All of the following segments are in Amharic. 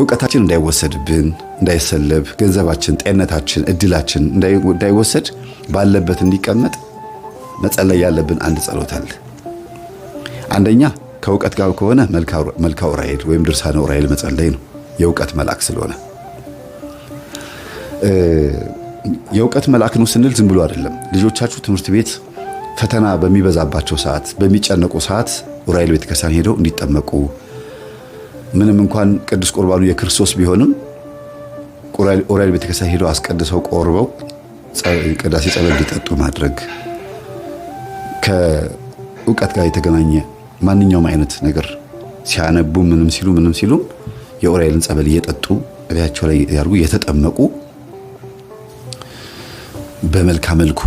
እውቀታችን እንዳይወሰድብን እንዳይሰለብ፣ ገንዘባችን፣ ጤንነታችን፣ እድላችን እንዳይወሰድ ባለበት እንዲቀመጥ መጸለይ ያለብን አንድ ጸሎት አለ። አንደኛ ከእውቀት ጋር ከሆነ መልካ ዑራኤል ወይም ድርሳነ ዑራኤል መጸለይ ነው። የእውቀት መልአክ ስለሆነ የእውቀት መልአክ ነው ስንል ዝም ብሎ አይደለም። ልጆቻችሁ ትምህርት ቤት ፈተና በሚበዛባቸው ሰዓት፣ በሚጨነቁ ሰዓት ዑራኤል ቤተክርስቲያን ሄደው እንዲጠመቁ ምንም እንኳን ቅዱስ ቁርባኑ የክርስቶስ ቢሆንም ኦራይል ቤተክርስቲያን ሄደው አስቀድሰው ቆርበው ቅዳሴ ጸበል እንዲጠጡ ማድረግ ከእውቀት ጋር የተገናኘ ማንኛውም አይነት ነገር ሲያነቡ ምንም ሲሉ ምንም ሲሉ የኦራይልን ጸበል እየጠጡ እላያቸው ላይ ያርጉ የተጠመቁ በመልካ መልኩ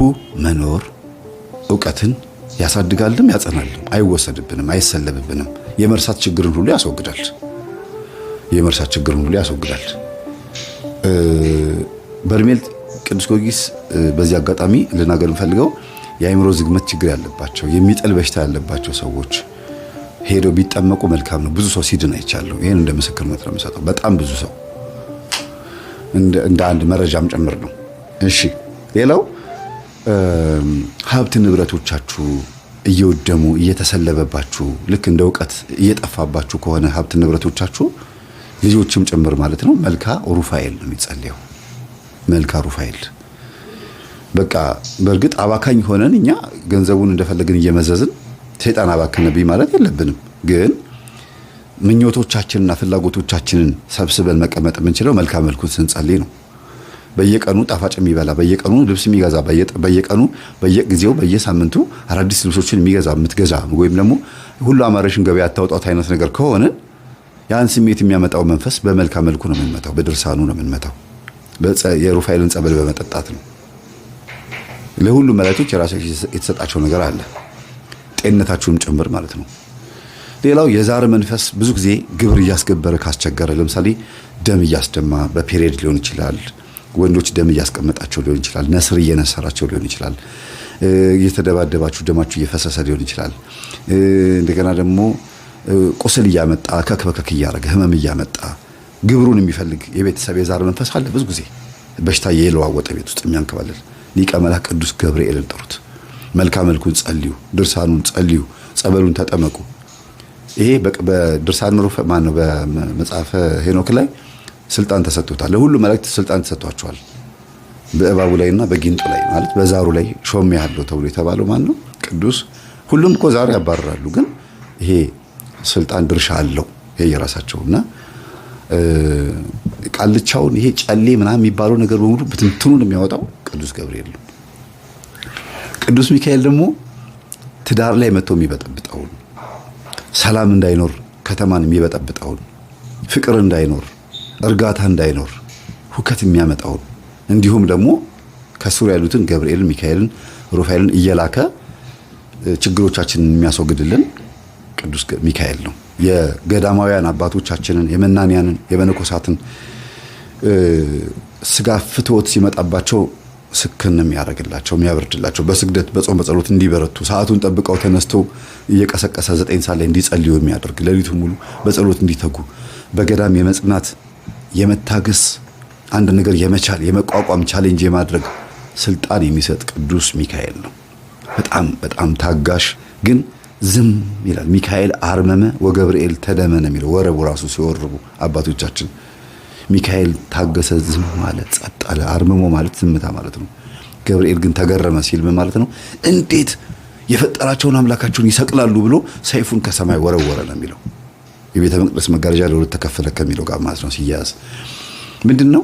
መኖር እውቀትን ያሳድጋልም ያጸናልም፣ አይወሰድብንም፣ አይሰለብብንም። የመርሳት ችግርን ሁሉ ያስወግዳል። የመርሳት ችግርን ሁሉ ያስወግዳል። በርሜል ቅዱስ ጊዮርጊስ በዚህ አጋጣሚ ልናገር እንፈልገው የአእምሮ ዝግመት ችግር ያለባቸው የሚጥል በሽታ ያለባቸው ሰዎች ሄደው ቢጠመቁ መልካም ነው። ብዙ ሰው ሲድን አይቻለሁ። ይህን እንደ ምስክርነት ነው የምሰጠው። በጣም ብዙ ሰው እንደ አንድ መረጃም ጭምር ነው። እሺ፣ ሌላው ሀብት ንብረቶቻችሁ እየወደሙ እየተሰለበባችሁ ልክ እንደ እውቀት እየጠፋባችሁ ከሆነ ሀብት ንብረቶቻችሁ ልጆችም ጭምር ማለት ነው። መልካ ሩፋኤል ነው የሚጸልየው። መልካ ሩፋኤል በቃ በእርግጥ አባካኝ ሆነን እኛ ገንዘቡን እንደፈለግን እየመዘዝን ሰይጣን አባከነብኝ ማለት የለብንም። ግን ምኞቶቻችንና ፍላጎቶቻችንን ሰብስበን መቀመጥ የምንችለው መልካ መልኩን ስንጸልይ ነው። በየቀኑ ጣፋጭ የሚበላ በየቀኑ ልብስ የሚገዛ በየቀኑ በየጊዜው በየሳምንቱ አዳዲስ ልብሶችን የሚገዛ የምትገዛ ወይም ደግሞ ሁሉ አማረሽን ገበያ አታውጣት አይነት ነገር ከሆነን ያን ስሜት የሚያመጣው መንፈስ በመልካም መልኩ ነው የምንመታው፣ በድርሳኑ ነው የምንመታው፣ የሩፋኤልን ጸበል በመጠጣት ነው። ለሁሉም መላእክቶች የራሳቸው የተሰጣቸው ነገር አለ፣ ጤንነታቸውም ጭምር ማለት ነው። ሌላው የዛር መንፈስ ብዙ ጊዜ ግብር እያስገበረ ካስቸገረ፣ ለምሳሌ ደም እያስደማ በፔሪየድ ሊሆን ይችላል። ወንዶች ደም እያስቀመጣቸው ሊሆን ይችላል። ነስር እየነሰራቸው ሊሆን ይችላል። እየተደባደባችሁ ደማችሁ እየፈሰሰ ሊሆን ይችላል። እንደገና ደግሞ ቁስል እያመጣ ከክበክክ እያደረገ ህመም እያመጣ ግብሩን የሚፈልግ የቤተሰብ የዛር መንፈስ አለ። ብዙ ጊዜ በሽታ የለዋወጠ ቤት ውስጥ የሚያንከባልል ሊቀ መልአክ ቅዱስ ገብርኤልን ጥሩት። መልካ መልኩን ጸልዩ፣ ድርሳኑን ጸልዩ፣ ጸበሉን ተጠመቁ። ይሄ በድርሳን ሩፈ ማነው በመጽሐፈ ሄኖክ ላይ ስልጣን ተሰጥቶታል። ለሁሉ መላእክት ስልጣን ተሰጥቷቸዋል። በእባቡ ላይና በጊንጡ ላይ ማለት በዛሩ ላይ ሾም ያለው ተብሎ የተባለው ማን ነው? ቅዱስ ሁሉም እኮ ዛር ያባረራሉ ግን ይሄ ስልጣን ድርሻ አለው የየራሳቸው እና ቃልቻውን ይሄ ጨሌ ምናምን የሚባለው ነገር በሙሉ ብትንትኑን የሚያወጣው ቅዱስ ገብርኤል ነው። ቅዱስ ሚካኤል ደግሞ ትዳር ላይ መጥቶ የሚበጠብጠውን፣ ሰላም እንዳይኖር ከተማን የሚበጠብጠውን፣ ፍቅር እንዳይኖር፣ እርጋታ እንዳይኖር፣ ሁከት የሚያመጣውን እንዲሁም ደግሞ ከሱር ያሉትን ገብርኤልን፣ ሚካኤልን፣ ሩፋኤልን እየላከ ችግሮቻችንን የሚያስወግድልን ቅዱስ ሚካኤል ነው። የገዳማውያን አባቶቻችንን የመናንያንን የመነኮሳትን ስጋ ፍትወት ሲመጣባቸው ስክን የሚያደርግላቸው የሚያበርድላቸው በስግደት በጾም በጸሎት እንዲበረቱ ሰዓቱን ጠብቀው ተነስተው እየቀሰቀሰ ዘጠኝ ሰዓት ላይ እንዲጸልዩ የሚያደርግ ሌሊቱ ሙሉ በጸሎት እንዲተጉ በገዳም የመጽናት የመታገስ አንድ ነገር የመቻል የመቋቋም ቻሌንጅ የማድረግ ስልጣን የሚሰጥ ቅዱስ ሚካኤል ነው። በጣም በጣም ታጋሽ ግን ዝም ይላል። ሚካኤል አርመመ ወገብርኤል ተደመነ የሚለው ወረቡ ራሱ ሲወርቡ አባቶቻችን። ሚካኤል ታገሰ፣ ዝም ማለት ጸጥ አለ። አርምሞ ማለት ዝምታ ማለት ነው። ገብርኤል ግን ተገረመ ሲል ምን ማለት ነው? እንዴት የፈጠራቸውን አምላካቸውን ይሰቅላሉ ብሎ ሰይፉን ከሰማይ ወረወረ ነው የሚለው የቤተ መቅደስ መጋረጃ ለሁለት ተከፈለ ከሚለው ጋር ማለት ነው ሲያያዝ ምንድን ነው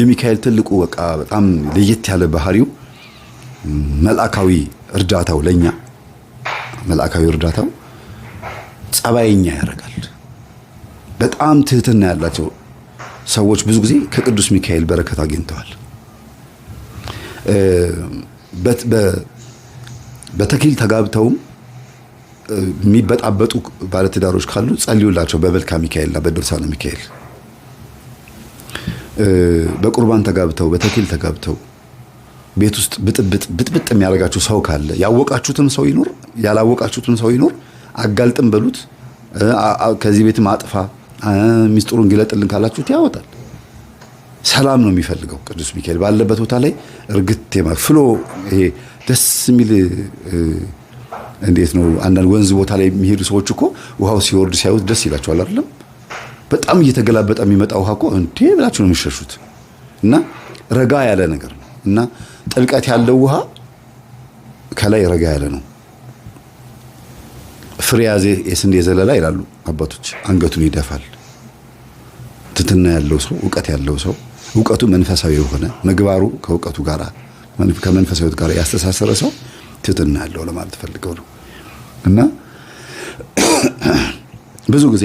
የሚካኤል ትልቁ በቃ በጣም ለየት ያለ ባህሪው መልአካዊ እርዳታው ለኛ መልአካዊ እርዳታው ጸባይኛ ያደርጋል። በጣም ትህትና ያላቸው ሰዎች ብዙ ጊዜ ከቅዱስ ሚካኤል በረከት አግኝተዋል። በተኪል ተጋብተውም የሚበጣበጡ ባለትዳሮች ካሉ ጸልዩላቸው በመልክአ ሚካኤልና በድርሳነ ሚካኤል። በቁርባን ተጋብተው በተኪል ተጋብተው ቤት ውስጥ ብጥብጥ ብጥብጥ የሚያደርጋችሁ ሰው ካለ ያወቃችሁትም ሰው ይኖር ያላወቃችሁትም ሰው ይኖር፣ አጋልጥም በሉት። ከዚህ ቤትም አጥፋ ሚስጥሩን ግለጥልን ካላችሁት ያወጣል። ሰላም ነው የሚፈልገው። ቅዱስ ሚካኤል ባለበት ቦታ ላይ እርግት ፍሎ ይሄ ደስ የሚል እንዴት ነው? አንዳንድ ወንዝ ቦታ ላይ የሚሄዱ ሰዎች እኮ ውሃው ሲወርድ ሲያዩት ደስ ይላቸዋል። አይደለም በጣም እየተገላበጠ የሚመጣ ውሃ እኮ እንዴ ብላችሁ ነው የሚሸሹት። እና ረጋ ያለ ነገር ነው እና ጥልቀት ያለው ውሃ ከላይ ረጋ ያለ ነው። ፍሬ ያዘ የስንዴ ዘለላ ይላሉ አባቶች። አንገቱን ይደፋል። ትትና ያለው ሰው እውቀት ያለው ሰው እውቀቱ መንፈሳዊ የሆነ ምግባሩ ከእውቀቱ ጋር ከመንፈሳዊ ጋር ያስተሳሰረ ሰው ትትና ያለው ለማለት ፈልገው ነው። እና ብዙ ጊዜ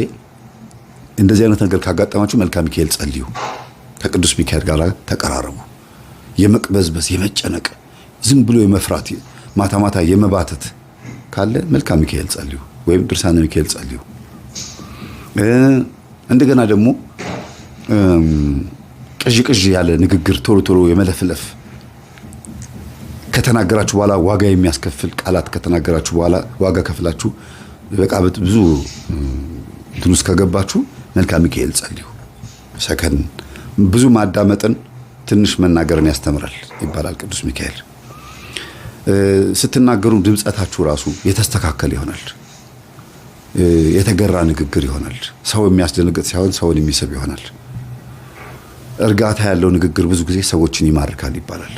እንደዚህ አይነት ነገር ካጋጠማችሁ መልካ ሚካኤል ጸልዩ፣ ከቅዱስ ሚካኤል ጋር ተቀራረቡ። የመቅበዝበዝ፣ የመጨነቅ፣ ዝም ብሎ የመፍራት ማታ ማታ የመባተት ካለ መልካም ሚካኤል ጸልዩ ወይም ድርሳነ ሚካኤል ጸልዩ። እንደገና ደግሞ ቅዥ ቅዥ ያለ ንግግር ቶሎ ቶሎ የመለፍለፍ ከተናገራችሁ በኋላ ዋጋ የሚያስከፍል ቃላት ከተናገራችሁ በኋላ ዋጋ ከፍላችሁ በቃ ብዙ እንትን ውስጥ ከገባችሁ መልካም ሚካኤል ጸልዩ። ሰከን ብዙ ማዳመጥን ትንሽ መናገርን ያስተምራል ይባላል ቅዱስ ሚካኤል። ስትናገሩ ድምፀታችሁ ራሱ የተስተካከል ይሆናል። የተገራ ንግግር ይሆናል። ሰው የሚያስደነግጥ ሳይሆን ሰውን የሚስብ ይሆናል። እርጋታ ያለው ንግግር ብዙ ጊዜ ሰዎችን ይማርካል ይባላል።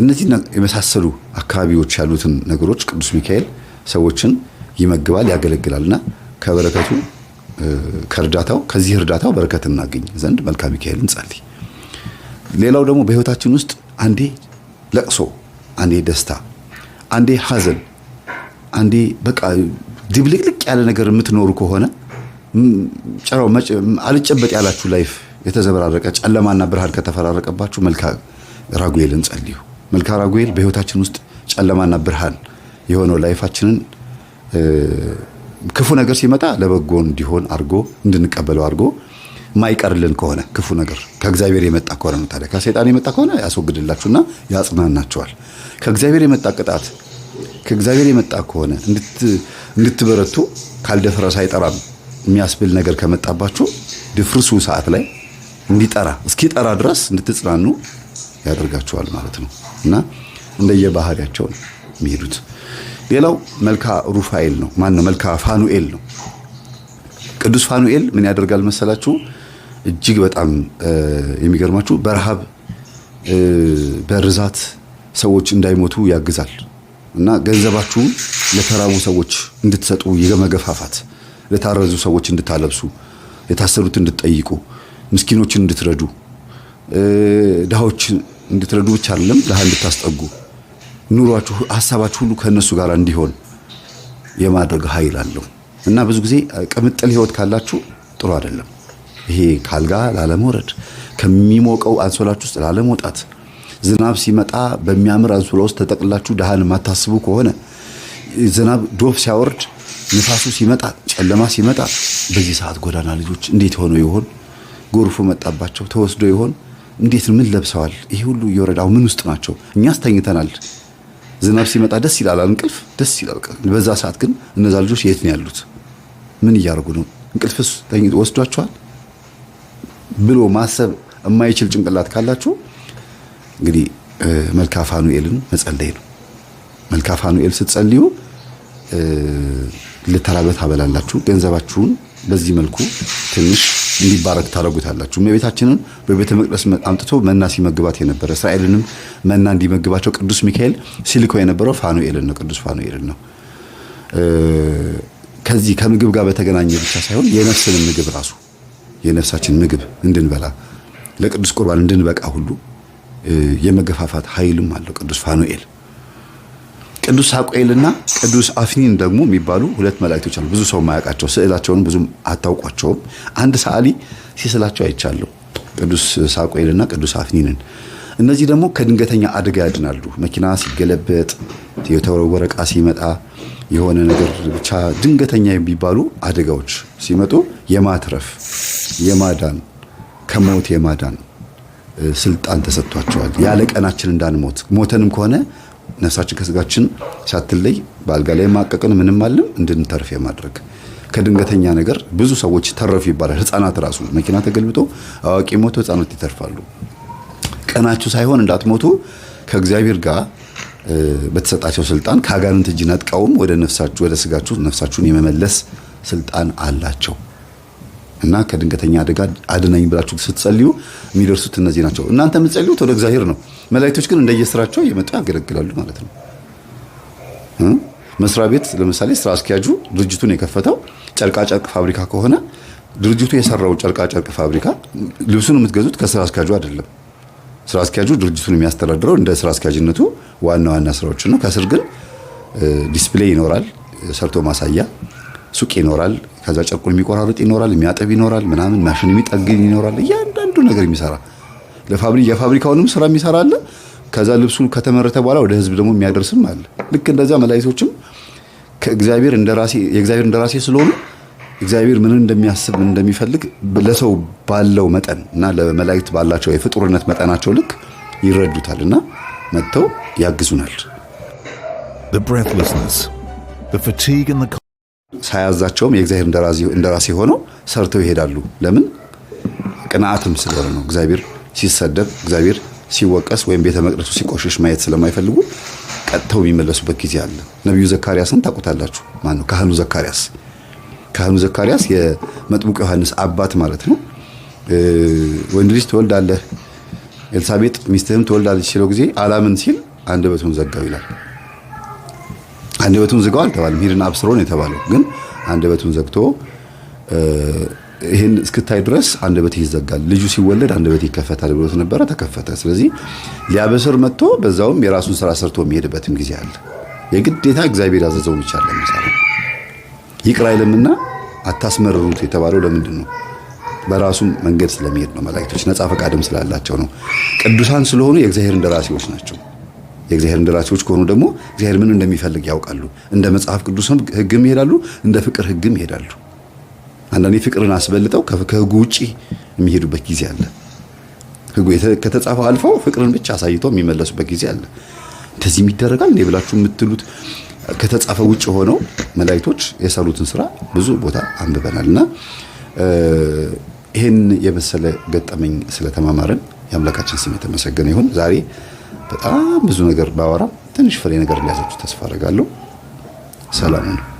እነዚህ የመሳሰሉ አካባቢዎች ያሉትን ነገሮች ቅዱስ ሚካኤል ሰዎችን ይመግባል፣ ያገለግላል እና ከበረከቱ ከእርዳታው ከዚህ እርዳታው በረከት እናገኝ ዘንድ መልካ ሚካኤል እንጸልይ። ሌላው ደግሞ በህይወታችን ውስጥ አንዴ ለቅሶ፣ አንዴ ደስታ፣ አንዴ ሀዘን፣ አንዴ በቃ ድብልቅልቅ ያለ ነገር የምትኖሩ ከሆነ ጨራው አልጨበጥ ያላችሁ ላይፍ የተዘበራረቀ ጨለማና ብርሃን ከተፈራረቀባችሁ መልካ ራጉኤል እንጸልዩ። መልካ ራጉኤል በህይወታችን ውስጥ ጨለማና ብርሃን የሆነው ላይፋችንን ክፉ ነገር ሲመጣ ለበጎ እንዲሆን አድርጎ እንድንቀበለው አድርጎ ማይቀርልን ከሆነ ክፉ ነገር ከእግዚአብሔር የመጣ ከሆነ ነው። ታዲያ ከሰይጣን የመጣ ከሆነ ያስወግድላችሁና ያጽናናችኋል። ከእግዚአብሔር የመጣ ቅጣት ከእግዚአብሔር የመጣ ከሆነ እንድትበረቱ ካልደፈረ ሳይጠራም የሚያስብል ነገር ከመጣባችሁ ድፍርሱ ሰዓት ላይ እንዲጠራ እስኪጠራ ድረስ እንድትጽናኑ ያደርጋችኋል ማለት ነው እና እንደየባህሪያቸው ነው የሚሄዱት። ሌላው መልካ ሩፋኤል ነው። ማን ነው? መልካ ፋኑኤል ነው። ቅዱስ ፋኑኤል ምን ያደርጋል መሰላችሁ? እጅግ በጣም የሚገርማችሁ በረሃብ በርዛት ሰዎች እንዳይሞቱ ያግዛል እና ገንዘባችሁን ለተራቡ ሰዎች እንድትሰጡ የመገፋፋት ለታረዙ ሰዎች እንድታለብሱ፣ የታሰሩት እንድትጠይቁ፣ ምስኪኖችን እንድትረዱ፣ ድሃዎችን እንድትረዱ ብቻ አይደለም ድሃ እንድታስጠጉ ኑሯችሁ፣ ሀሳባችሁ ሁሉ ከእነሱ ጋር እንዲሆን የማድረግ ኃይል አለው እና ብዙ ጊዜ ቅምጥል ህይወት ካላችሁ ጥሩ አይደለም። ይሄ ካልጋ ላለመውረድ፣ ከሚሞቀው አንሶላችሁ ውስጥ ላለመውጣት፣ ዝናብ ሲመጣ በሚያምር አንሶላ ውስጥ ተጠቅላችሁ ድሃን የማታስቡ ከሆነ ዝናብ ዶፍ ሲያወርድ፣ ንፋሱ ሲመጣ፣ ጨለማ ሲመጣ፣ በዚህ ሰዓት ጎዳና ልጆች እንዴት ሆነው ይሆን? ጎርፉ መጣባቸው ተወስዶ ይሆን? እንዴት ምን ለብሰዋል? ይሄ ሁሉ እየወረዳው ምን ውስጥ ናቸው? እኛስ ተኝተናል። ዝናብ ሲመጣ ደስ ይላል፣ እንቅልፍ ደስ ይላል። በዛ ሰዓት ግን እነዛ ልጆች የት ነው ያሉት? ምን እያደረጉ ነው? እንቅልፍስ ወስዷቸዋል ብሎ ማሰብ የማይችል ጭንቅላት ካላችሁ እንግዲህ መልክአ ፋኑኤልን መጸለይ ነው። መልክአ ፋኑኤል ስትጸልዩ ልተራበት አበላላችሁ። ገንዘባችሁን በዚህ መልኩ ትንሽ እንዲባረክ ታደርጉታላችሁ። እመቤታችንን በቤተ መቅደስ አምጥቶ መና ሲመግባት የነበረ እስራኤልንም መና እንዲመግባቸው ቅዱስ ሚካኤል ሲልኮ የነበረው ፋኑኤልን ነው፣ ቅዱስ ፋኑኤልን ነው። ከዚህ ከምግብ ጋር በተገናኘ ብቻ ሳይሆን የነፍስን ምግብ ራሱ የነፍሳችን ምግብ እንድንበላ ለቅዱስ ቁርባን እንድንበቃ ሁሉ የመገፋፋት ኃይልም አለው ቅዱስ ፋኑኤል። ቅዱስ ሳቁኤልና ቅዱስ አፍኒን ደግሞ የሚባሉ ሁለት መላእክቶች አሉ። ብዙ ሰው ማያውቃቸው ስዕላቸውን ብዙም አታውቋቸውም። አንድ ሰዓሊ ሲስላቸው አይቻለሁ፣ ቅዱስ ሳቁኤልና ቅዱስ አፍኒንን። እነዚህ ደግሞ ከድንገተኛ አደጋ ያድናሉ። መኪና ሲገለበጥ፣ የተወረወረ ዕቃ ሲመጣ፣ የሆነ ነገር ብቻ ድንገተኛ የሚባሉ አደጋዎች ሲመጡ የማትረፍ የማዳን ከሞት የማዳን ስልጣን ተሰጥቷቸዋል። ያለ ቀናችን እንዳንሞት ሞተንም ከሆነ ነፍሳችን ከስጋችን ሳትለይ በአልጋ ላይ ማቀቅን ምንም አለም እንድንተርፍ የማድረግ ከድንገተኛ ነገር ብዙ ሰዎች ተረፉ ይባላል። ህፃናት ራሱ መኪና ተገልብጦ አዋቂ ሞቶ ህፃናት ይተርፋሉ። ቀናችሁ ሳይሆን እንዳትሞቱ ከእግዚአብሔር ጋር በተሰጣቸው ስልጣን ከአጋንንት እጅ ነጥቀውም ወደ ነፍሳችሁ ወደ ስጋችሁ ነፍሳችሁን የመመለስ ስልጣን አላቸው። እና ከድንገተኛ አደጋ አድናኝ ብላችሁ ስትጸልዩ የሚደርሱት እነዚህ ናቸው። እናንተ የምትጸልዩት ወደ እግዚአብሔር ነው። መላእክቶች ግን እንደየስራቸው እየመጡ ያገለግላሉ ማለት ነው። መስሪያ ቤት ለምሳሌ ስራ አስኪያጁ ድርጅቱን የከፈተው ጨርቃጨርቅ ፋብሪካ ከሆነ ድርጅቱ የሰራው ጨርቃጨርቅ ፋብሪካ ልብሱን የምትገዙት ከስራ አስኪያጁ አይደለም። ስራ አስኪያጁ ድርጅቱን የሚያስተዳድረው እንደ ስራ አስኪያጅነቱ ዋና ዋና ስራዎችን ነው። ከስር ግን ዲስፕሌይ ይኖራል፣ ሰርቶ ማሳያ ሱቅ ይኖራል። ከዛ ጨርቁን የሚቆራርጥ ይኖራል፣ የሚያጠብ ይኖራል፣ ምናምን ማሽን የሚጠግን ይኖራል። እያንዳንዱ ነገር የሚሰራ የፋብሪካውንም ስራ የሚሰራ አለ። ከዛ ልብሱ ከተመረተ በኋላ ወደ ህዝብ ደግሞ የሚያደርስም አለ። ልክ እንደዛ መላእክቶችም ከእግዚአብሔር እንደራሴ የእግዚአብሔር እንደራሴ ስለሆኑ እግዚአብሔር ምን እንደሚያስብ ምን እንደሚፈልግ ለሰው ባለው መጠን እና ለመላእክት ባላቸው የፍጡርነት መጠናቸው ልክ ይረዱታል እና መጥተው ያግዙናል። ሳያዛቸውም የእግዚአብሔር እንደራሲ ሆነው ሰርተው ይሄዳሉ። ለምን? ቅንዓትም ስለሆነ ነው። እግዚአብሔር ሲሰደብ፣ እግዚአብሔር ሲወቀስ ወይም ቤተ መቅደሱ ሲቆሽሽ ማየት ስለማይፈልጉ ቀጥተው የሚመለሱበት ጊዜ አለ። ነቢዩ ዘካርያስን ታውቁታላችሁ። ማን ነው? ካህኑ ዘካርያስ። ካህኑ ዘካርያስ የመጥምቁ ዮሐንስ አባት ማለት ነው። ወንድ ልጅ ትወልዳለህ፣ ኤልሳቤጥ ሚስትህም ትወልዳለች ሲለው ጊዜ አላምን ሲል አንደበቱን ዘጋው ይላል። አንደበቱን ዝጋው አልተባለም። ሂድና አብስሮን የተባለው። ግን አንደበቱን ዘግቶ ይህን እስክታይ ድረስ አንደበት ይዘጋል፣ ልጁ ሲወለድ አንደበት ይከፈታል ብሎት ነበረ። ተከፈተ። ስለዚህ ሊያበስር መጥቶ በዛውም የራሱን ስራ ሰርቶ የሚሄድበትም ጊዜ አለ። የግዴታ እግዚአብሔር ያዘዘው ብቻ ለምሳሌ ይቅር አይልምና አታስመርሩት የተባለው ለምንድን ነው? በራሱ መንገድ ስለሚሄድ ነው። መላእክቶች ነጻ ፈቃድም ስላላቸው ነው። ቅዱሳን ስለሆኑ የእግዚአብሔር እንደራሴዎች ናቸው። የእግዚአብሔር እንደራሴዎች ከሆኑ ደግሞ እግዚአብሔር ምን እንደሚፈልግ ያውቃሉ። እንደ መጽሐፍ ቅዱስ ሕግም ይሄዳሉ፣ እንደ ፍቅር ሕግም ይሄዳሉ። አንዳንዴ ፍቅርን አስበልጠው ከሕጉ ውጪ የሚሄዱበት ጊዜ አለ። ሕጉ ከተጻፈው አልፈው ፍቅርን ብቻ አሳይተው የሚመለሱበት ጊዜ አለ። እንደዚህም ይደረጋል እንዴ ብላችሁ የምትሉት ከተጻፈ ውጭ ሆነው መላእክቶች የሰሩትን ስራ ብዙ ቦታ አንብበናል እና ይህን የመሰለ ገጠመኝ ስለተማማርን የአምላካችን ስም የተመሰገነ ይሁን ዛሬ በጣም ብዙ ነገር ባወራም ትንሽ ፍሬ ነገር ሊያዛችሁ ተስፋ አደርጋለሁ። ሰላም ነው።